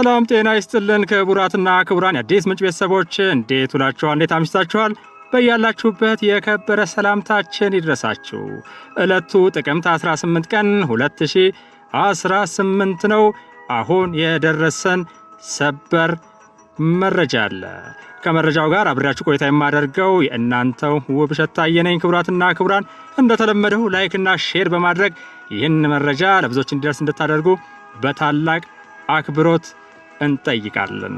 ሰላም ጤና ይስጥልን ክቡራትና ክቡራን የአዲስ ምንጭ ቤተሰቦች እንዴት ውላችኋል? እንዴት አምሽታችኋል? በያላችሁበት የከበረ ሰላምታችን ይድረሳችሁ። ዕለቱ ጥቅምት 18 ቀን 2018 ነው። አሁን የደረሰን ሰበር መረጃ አለ። ከመረጃው ጋር አብሬያችሁ ቆይታ የማደርገው የእናንተው ውብሸት ታየ ነኝ። ክቡራትና ክቡራን እንደተለመደው ላይክና ሼር በማድረግ ይህን መረጃ ለብዙዎች እንዲደርስ እንድታደርጉ በታላቅ አክብሮት እንጠይቃለን።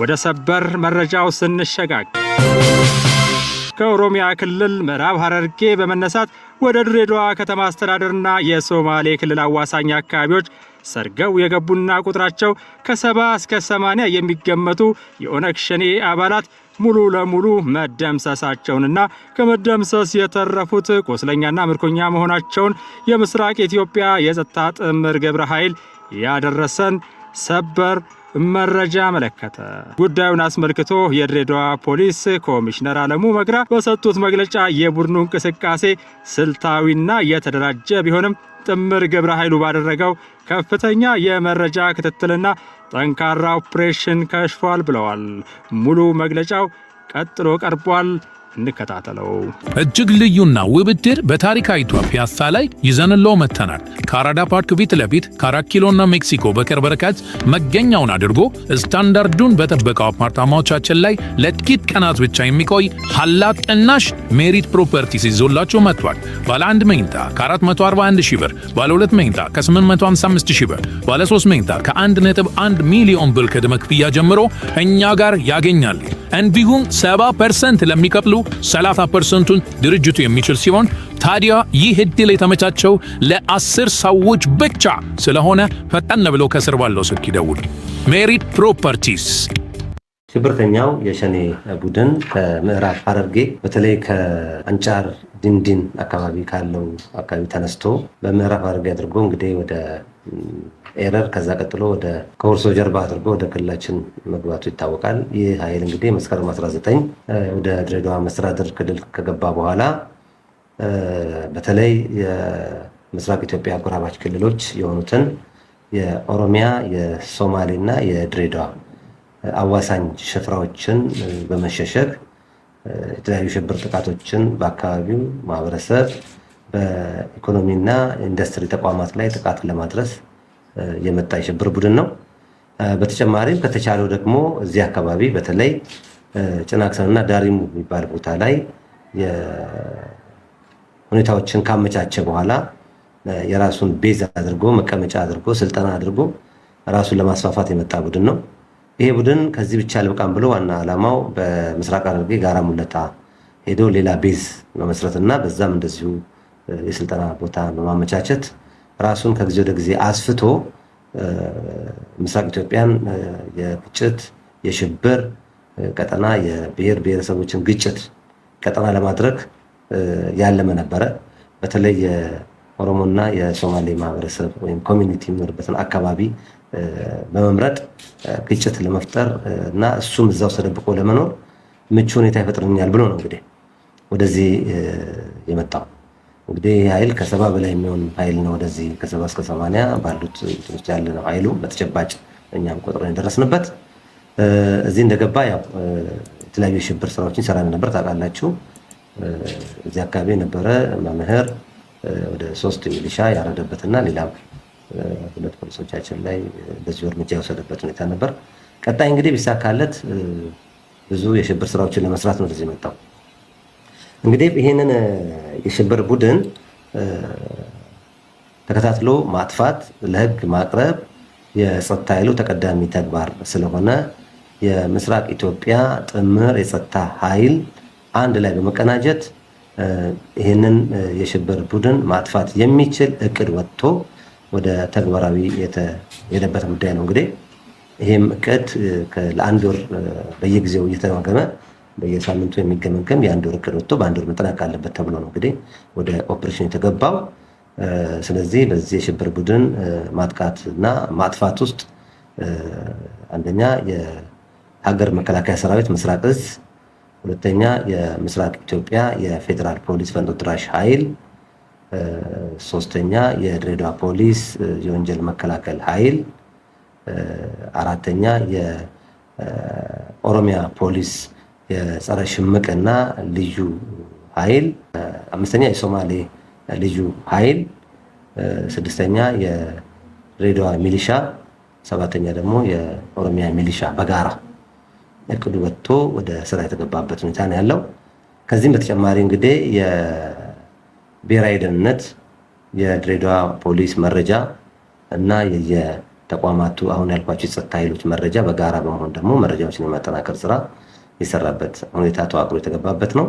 ወደ ሰበር መረጃው ስንሸጋግ ከኦሮሚያ ክልል ምዕራብ ሐረርጌ በመነሳት ወደ ድሬዳዋ ከተማ አስተዳደርና የሶማሌ ክልል አዋሳኝ አካባቢዎች ሰርገው የገቡና ቁጥራቸው ከሰባ እስከ ሰማንያ የሚገመቱ የኦነግ ሸኔ አባላት ሙሉ ለሙሉ መደምሰሳቸውንና ከመደምሰስ የተረፉት ቁስለኛና ምርኮኛ መሆናቸውን የምስራቅ ኢትዮጵያ የጸጥታ ጥምር ግብረ ኃይል ያደረሰን ሰበር መረጃ አመለከተ። ጉዳዩን አስመልክቶ የድሬዳዋ ፖሊስ ኮሚሽነር አለሙ መግራ በሰጡት መግለጫ የቡድኑ እንቅስቃሴ ስልታዊና የተደራጀ ቢሆንም ጥምር ግብረ ኃይሉ ባደረገው ከፍተኛ የመረጃ ክትትልና ጠንካራ ኦፕሬሽን ከሽፏል ብለዋል። ሙሉ መግለጫው ቀጥሎ ቀርቧል። እንከታተለው። እጅግ ልዩና ውብ ዕድር በታሪካዊቷ ፒያሳ ላይ ይዘንለው መጥተናል። ከአራዳ ፓርክ ፊት ለፊት ከአራት ኪሎና ሜክሲኮ በቅርብ ርቀት መገኛውን አድርጎ ስታንዳርዱን በጠበቀው አፓርታማዎቻችን ላይ ለጥቂት ቀናት ብቻ የሚቆይ ሀላት ቅናሽ ሜሪት ፕሮፐርቲስ ይዞላችሁ መጥቷል። ባለ አንድ መኝታ ከ441 ሺህ ብር፣ ባለ ሁለት መኝታ ከ855 ሺህ ብር፣ ባለ ሶስት መኝታ ከ1.1 ሚሊዮን ብር ቅድመ ክፍያ ጀምሮ እኛ ጋር ያገኛል እንዲሁም 70% ፐርሰንት ለሚቀጥሉ ፐርሰንቱን ድርጅቱ የሚችል ሲሆን ታዲያ ይህ እድል የተመቻቸው ለአስር ሰዎች ብቻ ስለሆነ ፈጠን ብሎ ከስር ባለው ስልክ ይደውሉ። ሜሪት ፕሮፐርቲስ ሽብርተኛው የሸኔ ቡድን ከምዕራብ ሐረርጌ በተለይ ከአንጫር ዲንዲን አካባቢ ካለው አካባቢ ተነስቶ በምዕራብ ሐረርጌ አድርጎ እንግዲህ ወደ ኤረር ከዛ ቀጥሎ ወደ ከወርሶ ጀርባ አድርጎ ወደ ክልላችን መግባቱ ይታወቃል። ይህ ኃይል እንግዲህ መስከረም 19 ወደ ድሬዳዋ መስተዳድር ክልል ከገባ በኋላ በተለይ የምስራቅ ኢትዮጵያ አጎራባች ክልሎች የሆኑትን የኦሮሚያ፣ የሶማሌ እና የድሬዳዋ አዋሳኝ ስፍራዎችን በመሸሸግ የተለያዩ ሽብር ጥቃቶችን በአካባቢው ማህበረሰብ በኢኮኖሚና ኢንዱስትሪ ተቋማት ላይ ጥቃት ለማድረስ የመጣ የሽብር ቡድን ነው። በተጨማሪም ከተቻለው ደግሞ እዚህ አካባቢ በተለይ ጭናክሰንና ዳሪሙ የሚባል ቦታ ላይ ሁኔታዎችን ካመቻቸ በኋላ የራሱን ቤዝ አድርጎ መቀመጫ አድርጎ ስልጠና አድርጎ ራሱን ለማስፋፋት የመጣ ቡድን ነው። ይሄ ቡድን ከዚህ ብቻ ልብቃም ብሎ ዋና ዓላማው በምስራቅ ሐረርጌ ጋራ ሙለታ ሄዶ ሌላ ቤዝ መመስረትና በዛም እንደዚሁ የስልጠና ቦታ በማመቻቸት ራሱን ከጊዜ ወደ ጊዜ አስፍቶ ምስራቅ ኢትዮጵያን የግጭት የሽብር ቀጠና የብሔር ብሔረሰቦችን ግጭት ቀጠና ለማድረግ ያለመ ነበረ። በተለይ የኦሮሞና የሶማሌ ማህበረሰብ ወይም ኮሚኒቲ የሚኖርበትን አካባቢ በመምረጥ ግጭት ለመፍጠር እና እሱም እዛው ተደብቆ ለመኖር ምቹ ሁኔታ ይፈጥርልኛል ብሎ ነው እንግዲህ ወደዚህ የመጣው። እንግዲህ ይህ ኃይል ከሰባ በላይ የሚሆን ኃይል ነው። ወደዚህ ከሰባ እስከ ሰማንያ ባሉት ውስጥ ያለ ነው ኃይሉ በተጨባጭ እኛም ቆጥረን የደረስንበት። እዚህ እንደገባ ያው የተለያዩ የሽብር ስራዎችን ይሰራ ነበር ታውቃላችሁ። እዚህ አካባቢ የነበረ መምህር ወደ ሶስት ሚሊሻ ያረደበትና ሌላም ሁለት ፖሊሶቻችን ላይ በዚሁ እርምጃ የወሰደበት ሁኔታ ነበር። ቀጣይ እንግዲህ ቢሳካለት ብዙ የሽብር ስራዎችን ለመስራት ነው ወደዚህ መጣው። እንግዲህ ይህንን የሽብር ቡድን ተከታትሎ ማጥፋት፣ ለህግ ማቅረብ የጸጥታ ኃይሉ ተቀዳሚ ተግባር ስለሆነ የምስራቅ ኢትዮጵያ ጥምር የጸጥታ ኃይል አንድ ላይ በመቀናጀት ይህንን የሽብር ቡድን ማጥፋት የሚችል እቅድ ወጥቶ ወደ ተግባራዊ የሄደበት ጉዳይ ነው። እንግዲህ ይህም እቅድ ለአንድ ወር በየጊዜው እየተገመገመ በየሳምንቱ የሚገመገም የአንድ ወር እቅድ ወጥቶ በአንድ ወር መጠናቅ አለበት ተብሎ ነው እንግዲህ ወደ ኦፕሬሽን የተገባው። ስለዚህ በዚህ የሽብር ቡድን ማጥቃት እና ማጥፋት ውስጥ አንደኛ የሀገር መከላከያ ሰራዊት ምስራቅ እዝ፣ ሁለተኛ የምስራቅ ኢትዮጵያ የፌዴራል ፖሊስ ፈንጦ ድራሽ ኃይል ሶስተኛ የድሬዳዋ ፖሊስ የወንጀል መከላከል ኃይል፣ አራተኛ የኦሮሚያ ፖሊስ የጸረ ሽምቅና ልዩ ኃይል፣ አምስተኛ የሶማሌ ልዩ ኃይል፣ ስድስተኛ የድሬዳዋ ሚሊሻ፣ ሰባተኛ ደግሞ የኦሮሚያ ሚሊሻ በጋራ እቅዱ ወጥቶ ወደ ስራ የተገባበት ሁኔታ ነው ያለው። ከዚህም በተጨማሪ እንግዲህ ብሔራዊ ደህንነት፣ የድሬዳዋ ፖሊስ መረጃ እና የተቋማቱ አሁን ያልኳቸው የጸጥታ ኃይሎች መረጃ በጋራ በመሆን ደግሞ መረጃዎችን የማጠናከር ስራ የሰራበት ሁኔታ ተዋቅሮ የተገባበት ነው።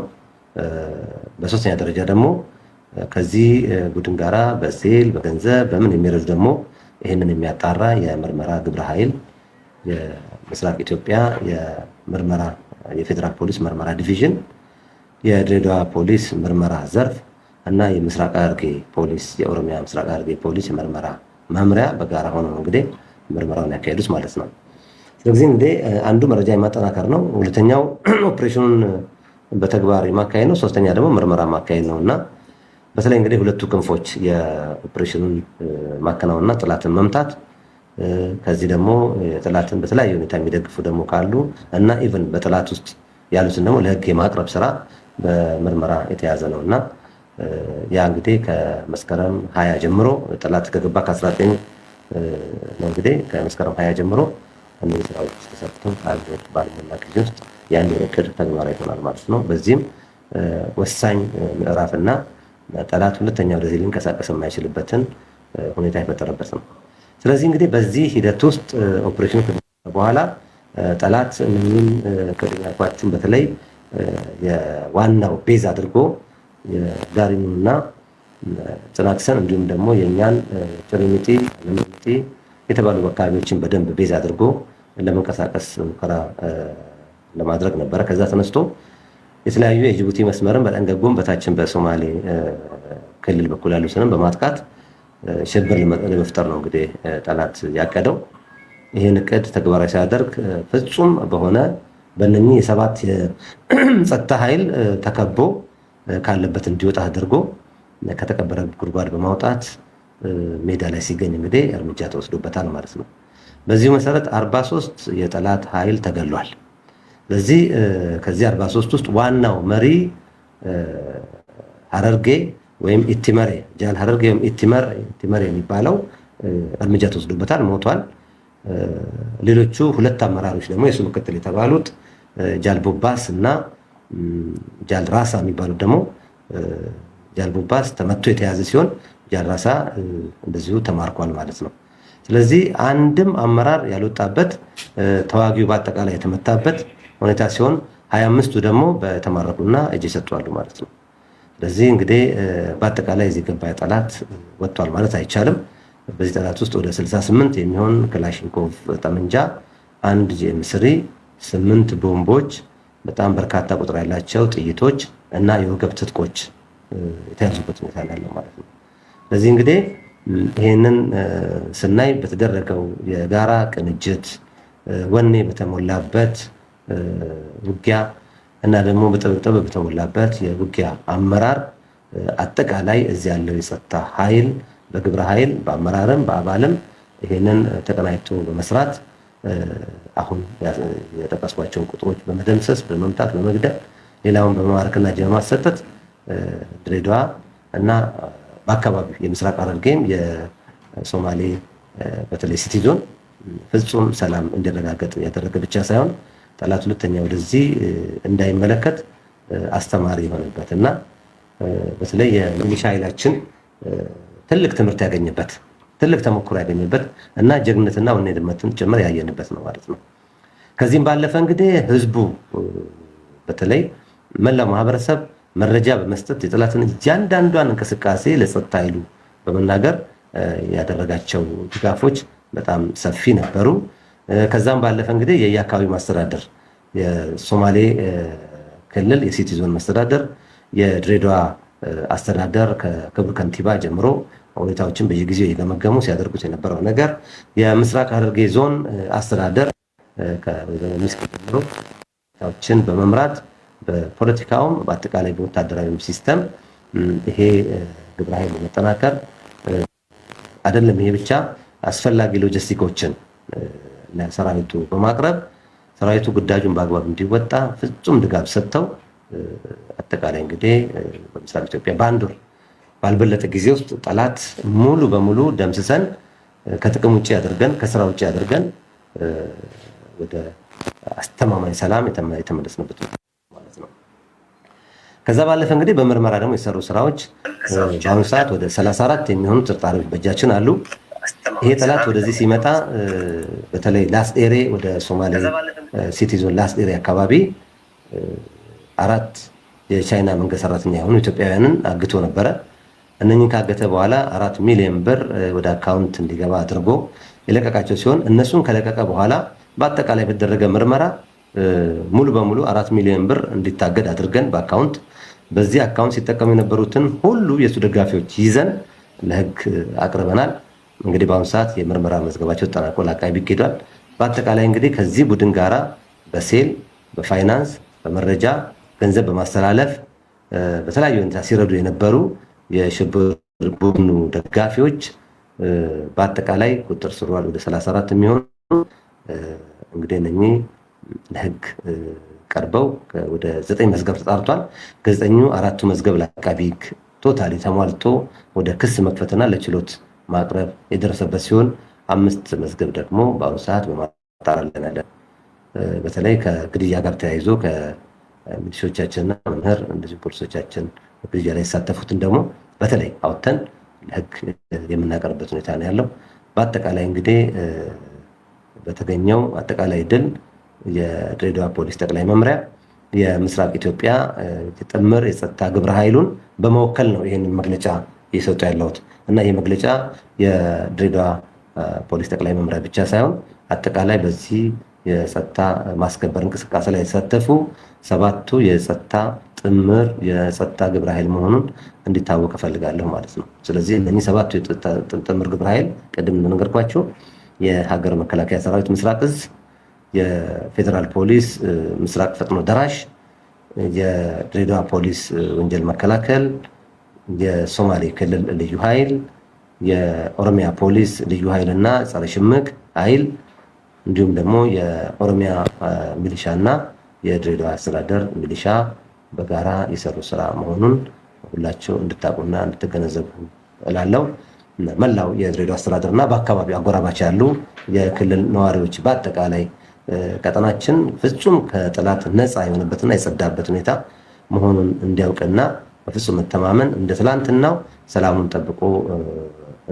በሶስተኛ ደረጃ ደግሞ ከዚህ ቡድን ጋራ በሴል በገንዘብ በምን የሚረዱ ደግሞ ይህንን የሚያጣራ የምርመራ ግብረ ኃይል የምስራቅ ኢትዮጵያ የምርመራ የፌዴራል ፖሊስ ምርመራ ዲቪዥን፣ የድሬዳዋ ፖሊስ ምርመራ ዘርፍ እና የምስራቅ ሐረርጌ ፖሊስ የኦሮሚያ ምስራቅ ሐረርጌ ፖሊስ የምርመራ መምሪያ በጋራ ሆነው እንግዲህ ምርመራውን ያካሄዱት ማለት ነው። ስለዚህ እንግዲህ አንዱ መረጃ የማጠናከር ነው፣ ሁለተኛው ኦፕሬሽኑን በተግባር የማካሄድ ነው፣ ሶስተኛ ደግሞ ምርመራ ማካሄድ ነው እና በተለይ እንግዲህ ሁለቱ ክንፎች የኦፕሬሽኑን ማከናወንና ጥላትን መምታት ከዚህ ደግሞ ጥላትን በተለያየ ሁኔታ የሚደግፉ ደግሞ ካሉ እና ኢቨን በጥላት ውስጥ ያሉትን ደግሞ ለህግ የማቅረብ ስራ በምርመራ የተያዘ ነው እና ያ እንግዲህ ከመስከረም ሀያ ጀምሮ ጠላት ከገባ ከ19 ነው እንግዲህ ከመስከረም ሀያ ጀምሮ እነዚህ ስራዎች ተሰርተው ከአንድ ወር ጊዜ ውስጥ ያን ወር እቅድ ተግባራዊ ይሆናል ማለት ነው። በዚህም ወሳኝ ምዕራፍና ጠላት ሁለተኛ ወደዚህ ሊንቀሳቀስ የማይችልበትን ሁኔታ የፈጠረበት ነው። ስለዚህ እንግዲህ በዚህ ሂደት ውስጥ ኦፕሬሽኑ በኋላ ጠላት ምንም ቅድም በተለይ የዋናው ቤዝ አድርጎ የጋሪሙንና ጥናክሰን እንዲሁም ደግሞ የእኛን ጭሪሚቲ ለሚቲ የተባሉ አካባቢዎችን በደንብ ቤዝ አድርጎ ለመንቀሳቀስ ሙከራ ለማድረግ ነበረ። ከዛ ተነስቶ የተለያዩ የጅቡቲ መስመርን በጠንገጎም በታችን በሶማሌ ክልል በኩል ያሉትንም በማጥቃት ሽብር ለመፍጠር ነው እንግዲህ ጠላት ያቀደው። ይህን እቅድ ተግባራዊ ሲያደርግ ፍጹም በሆነ በነኚህ የሰባት የጸጥታ ኃይል ተከቦ ካለበት እንዲወጣ አድርጎ ከተቀበረ ጉድጓድ በማውጣት ሜዳ ላይ ሲገኝ እንግዲህ እርምጃ ተወስዶበታል ማለት ነው። በዚሁ መሰረት 43 የጠላት ኃይል ተገሏል። በዚህ ከዚህ 43 ውስጥ ዋናው መሪ ሀረርጌ ወይም ኢቲመሬ ጃል ሀረርጌ ወይም ኢቲመሬ የሚባለው እርምጃ ተወስዶበታል፣ ሞቷል። ሌሎቹ ሁለት አመራሮች ደግሞ የሱ ምክትል የተባሉት ጃል ቦባስ እና ጃል ራሳ የሚባለው ደግሞ ቡባስ ተመቶ የተያዘ ሲሆን ጃል ራሳ እንደዚሁ ተማርኳል ማለት ነው። ስለዚህ አንድም አመራር ያልወጣበት ተዋጊው በአጠቃላይ የተመታበት ሁኔታ ሲሆን ሀያ አምስቱ ደግሞ በተማረኩና እጅ ሰጥቷሉ ማለት ነው። ስለዚህ እንግዲህ በአጠቃላይ እዚህ ገባ ጠላት ወጥቷል ማለት አይቻልም። በዚህ ጠላት ውስጥ ወደ 68 የሚሆን ክላሽንኮቭ ጠመንጃ፣ አንድ ስሪ ስምንት ቦምቦች በጣም በርካታ ቁጥር ያላቸው ጥይቶች እና የወገብ ትጥቆች የተያዙበት ሁኔታ ያለው ማለት ነው። በዚህ እንግዲህ ይህንን ስናይ በተደረገው የጋራ ቅንጅት ወኔ በተሞላበት ውጊያ እና ደግሞ በጥብጥብ በተሞላበት የውጊያ አመራር አጠቃላይ እዚህ ያለው የጸጥታ ኃይል በግብረ ኃይል በአመራርም በአባልም ይህንን ተቀናጅቶ በመስራት አሁን የጠቀስኳቸውን ቁጥሮች በመደምሰስ በመምታት በመግደል ሌላውን በመማረክና እጅ በማሰጠት ድሬዳዋ እና በአካባቢው የምስራቅ ሐረርጌም የሶማሌ በተለይ ሲቲ ዞን ፍጹም ሰላም እንዲረጋገጥ ያደረገ ብቻ ሳይሆን ጠላት ሁለተኛ ወደዚህ እንዳይመለከት አስተማሪ የሆነበት እና በተለይ የሚሊሻ ኃይላችን ትልቅ ትምህርት ያገኘበት ትልቅ ተሞክሮ ያገኘበት እና ጀግንነትና ወኔድመትን ጭምር ያየንበት ነው ማለት ነው። ከዚህም ባለፈ እንግዲህ ህዝቡ በተለይ መላው ማህበረሰብ መረጃ በመስጠት የጠላትን እያንዳንዷን እንቅስቃሴ ለጸጥታ ኃይሉ በመናገር ያደረጋቸው ድጋፎች በጣም ሰፊ ነበሩ። ከዛም ባለፈ እንግዲህ የየአካባቢው ማስተዳደር የሶማሌ ክልል የሲቲ ዞን መስተዳደር፣ የድሬዳዋ አስተዳደር ከክቡር ከንቲባ ጀምሮ ሁኔታዎችን በየጊዜው እየገመገሙ ሲያደርጉት የነበረው ነገር የምስራቅ ሐረርጌ ዞን አስተዳደር ሁኔታዎችን በመምራት በፖለቲካውም በአጠቃላይ በወታደራዊ ሲስተም ይሄ ግብረ ኃይል መጠናከር አይደለም። ይሄ ብቻ አስፈላጊ ሎጂስቲኮችን ለሰራዊቱ በማቅረብ ሰራዊቱ ግዳጁን በአግባብ እንዲወጣ ፍጹም ድጋፍ ሰጥተው አጠቃላይ እንግዲህ በምስራቅ ኢትዮጵያ በአንድ ወር ባልበለጠ ጊዜ ውስጥ ጠላት ሙሉ በሙሉ ደምስሰን ከጥቅም ውጭ አድርገን ከስራ ውጭ አድርገን ወደ አስተማማኝ ሰላም የተመለስንበት ማለት ነው። ከዛ ባለፈ እንግዲህ በምርመራ ደግሞ የሰሩ ስራዎች በአሁኑ ሰዓት ወደ 34 የሚሆኑ ጥርጣሪዎች በእጃችን አሉ። ይሄ ጠላት ወደዚህ ሲመጣ በተለይ ላስ ኤሬ ወደ ሶማሌ ሲቲዞን ላስ ኤሬ አካባቢ አራት የቻይና መንግስት ሰራተኛ የሆኑ ኢትዮጵያውያንን አግቶ ነበረ። እነኝን ካገተ በኋላ አራት ሚሊዮን ብር ወደ አካውንት እንዲገባ አድርጎ የለቀቃቸው ሲሆን እነሱን ከለቀቀ በኋላ በአጠቃላይ በተደረገ ምርመራ ሙሉ በሙሉ አራት ሚሊዮን ብር እንዲታገድ አድርገን በአካውንት በዚህ አካውንት ሲጠቀሙ የነበሩትን ሁሉ የእሱ ደጋፊዎች ይዘን ለህግ አቅርበናል። እንግዲህ በአሁኑ ሰዓት የምርመራ መዝገባቸው ተጠናቆ ለአቃቢ ሕግ ሄዷል። በአጠቃላይ እንግዲህ ከዚህ ቡድን ጋራ በሴል በፋይናንስ በመረጃ ገንዘብ በማስተላለፍ በተለያዩ ሁኔታ ሲረዱ የነበሩ የሽብር ቡድኑ ደጋፊዎች በአጠቃላይ ቁጥር ስሯል ወደ 34 የሚሆኑ እንግዲህ እነኚህ ለህግ ቀርበው ወደ ዘጠኝ መዝገብ ተጣርቷል። ከዘጠኙ አራቱ መዝገብ ለአቃቢ ህግ ቶታሊ ተሟልቶ ወደ ክስ መክፈትና ለችሎት ማቅረብ የደረሰበት ሲሆን አምስት መዝገብ ደግሞ በአሁኑ ሰዓት በማጣራለናለ በተለይ ከግድያ ጋር ተያይዞ ከሚሊሾቻችንና መምህር እንደዚሁ ፖሊሶቻችን ግብዣ ላይ የተሳተፉትን ደግሞ በተለይ አውጥተን ለህግ የምናቀርበት ሁኔታ ነው ያለው። በአጠቃላይ እንግዲህ በተገኘው አጠቃላይ ድል የድሬዳዋ ፖሊስ ጠቅላይ መምሪያ የምስራቅ ኢትዮጵያ ጥምር የጸጥታ ግብረ ኃይሉን በመወከል ነው ይህንን መግለጫ እየሰጡ ያለሁት እና ይህ መግለጫ የድሬዳዋ ፖሊስ ጠቅላይ መምሪያ ብቻ ሳይሆን አጠቃላይ በዚህ የጸጥታ ማስከበር እንቅስቃሴ ላይ የተሳተፉ ሰባቱ የጸጥታ ጥምር የጸጥታ ግብረ ኃይል መሆኑን እንዲታወቅ እፈልጋለሁ ማለት ነው። ስለዚህ እነህ ሰባቱ ጥምር ግብረ ኃይል ቅድም እንደነገርኳቸው የሀገር መከላከያ ሰራዊት ምስራቅ እዝ፣ የፌዴራል ፖሊስ ምስራቅ ፈጥኖ ደራሽ፣ የድሬዳዋ ፖሊስ ወንጀል መከላከል፣ የሶማሌ ክልል ልዩ ኃይል፣ የኦሮሚያ ፖሊስ ልዩ ኃይል እና ጸረ ሽምቅ ኃይል እንዲሁም ደግሞ የኦሮሚያ ሚሊሻ እና የድሬዳዋ አስተዳደር ሚሊሻ በጋራ የሰሩ ስራ መሆኑን ሁላቸው እንድታቁና እንድትገነዘቡ እላለሁ። መላው የድሬዳዋ አስተዳደር እና በአካባቢው አጎራባች ያሉ የክልል ነዋሪዎች በአጠቃላይ ቀጠናችን ፍጹም ከጠላት ነፃ የሆነበትና የጸዳበት ሁኔታ መሆኑን እንዲያውቅና በፍጹም መተማመን እንደ ትላንትናው ሰላሙን ጠብቆ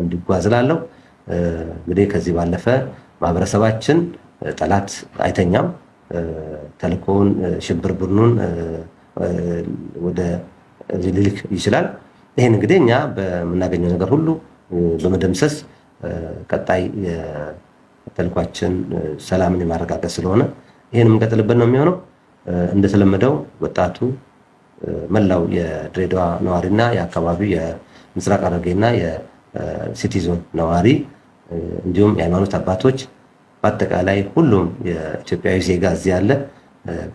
እንዲጓዝ እላለሁ። እንግዲህ ከዚህ ባለፈ ማህበረሰባችን ጠላት አይተኛም። ተልኮውን ሽብር ቡድኑን ወደ ሊልክ ይችላል። ይህን እንግዲህ እኛ በምናገኘው ነገር ሁሉ በመደምሰስ ቀጣይ ተልኳችን ሰላምን የማረጋገጥ ስለሆነ ይህን የምንቀጥልበት ነው የሚሆነው። እንደተለመደው ወጣቱ መላው የድሬዳዋ ነዋሪና የአካባቢው የምስራቅ ሐረርጌና የሲቲዞን ነዋሪ እንዲሁም የሃይማኖት አባቶች በአጠቃላይ ሁሉም የኢትዮጵያዊ ዜጋ እዚህ ያለ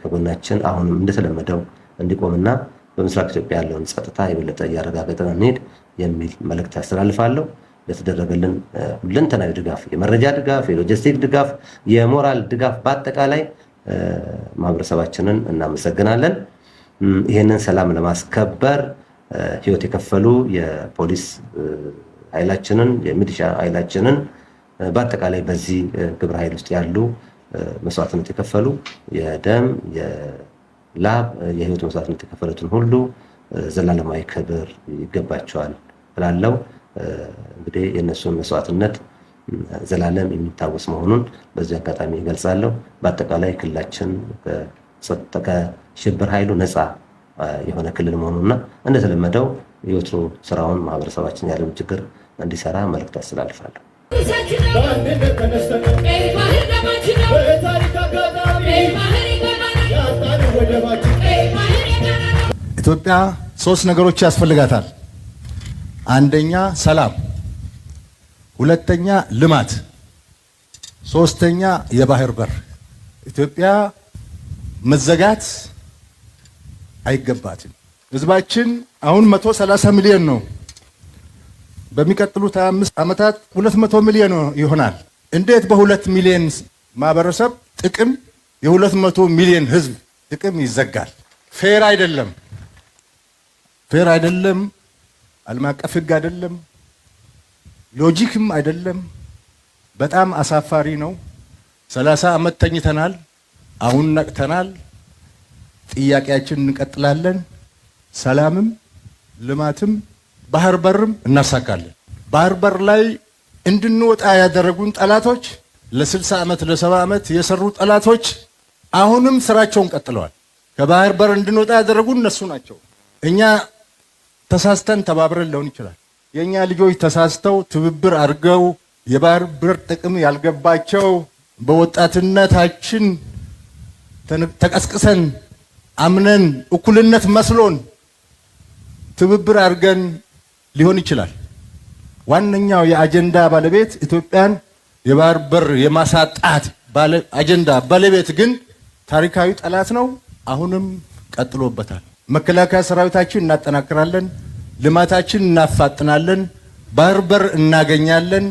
ከጎናችን አሁንም እንደተለመደው እንዲቆምና በምስራቅ ኢትዮጵያ ያለውን ጸጥታ የበለጠ እያረጋገጠ እንሄድ የሚል መልእክት ያስተላልፋለሁ። ለተደረገልን ሁለንተናዊ ድጋፍ፣ የመረጃ ድጋፍ፣ የሎጂስቲክ ድጋፍ፣ የሞራል ድጋፍ በአጠቃላይ ማህበረሰባችንን እናመሰግናለን። ይህንን ሰላም ለማስከበር ህይወት የከፈሉ የፖሊስ ኃይላችንን የሚሊሻ ኃይላችንን በአጠቃላይ በዚህ ግብረ ኃይል ውስጥ ያሉ መስዋዕትነት የከፈሉ የደም የላብ የህይወት መስዋዕትነት የከፈሉትን ሁሉ ዘላለማዊ ክብር ይገባቸዋል ብላለው። እንግዲህ የእነሱን መስዋዕትነት ዘላለም የሚታወስ መሆኑን በዚህ አጋጣሚ ይገልጻለሁ። በአጠቃላይ ክልላችን ከሽብር ኃይሉ ነፃ የሆነ ክልል መሆኑና እንደተለመደው የወትሮ ስራውን ማህበረሰባችን ያለም ችግር እንዲሰራ መልክት አስተላልፋለሁ። ኢትዮጵያ ሶስት ነገሮች ያስፈልጋታል። አንደኛ ሰላም፣ ሁለተኛ ልማት፣ ሶስተኛ የባህር በር። ኢትዮጵያ መዘጋት አይገባትም። ህዝባችን አሁን መቶ ሰላሳ ሚሊዮን ነው። በሚቀጥሉት 25 ዓመታት 200 ሚሊዮን ይሆናል። እንዴት በሁለት ሚሊዮን ማህበረሰብ ጥቅም የ200 ሚሊዮን ህዝብ ጥቅም ይዘጋል? ፌር አይደለም፣ ፌር አይደለም፣ ዓለም አቀፍ ህግ አይደለም፣ ሎጂክም አይደለም። በጣም አሳፋሪ ነው። 30 አመት ተኝተናል፣ አሁን ነቅተናል። ጥያቄያችንን እንቀጥላለን። ሰላምም ልማትም ባህር በርም እናሳካለን። ባህር በር ላይ እንድንወጣ ያደረጉን ጠላቶች ለ60 ዓመት ለ70 ዓመት የሰሩ ጠላቶች አሁንም ስራቸውን ቀጥለዋል። ከባህር በር እንድንወጣ ያደረጉን እነሱ ናቸው። እኛ ተሳስተን ተባብረን ሊሆን ይችላል። የእኛ ልጆች ተሳስተው ትብብር አድርገው የባህር በር ጥቅም ያልገባቸው በወጣትነታችን ተቀስቅሰን አምነን እኩልነት መስሎን ትብብር አድርገን ሊሆን ይችላል። ዋነኛው የአጀንዳ ባለቤት ኢትዮጵያን የባህር በር የማሳጣት አጀንዳ ባለቤት ግን ታሪካዊ ጠላት ነው። አሁንም ቀጥሎበታል። መከላከያ ሰራዊታችን እናጠናክራለን፣ ልማታችን እናፋጥናለን፣ ባህር በር እናገኛለን።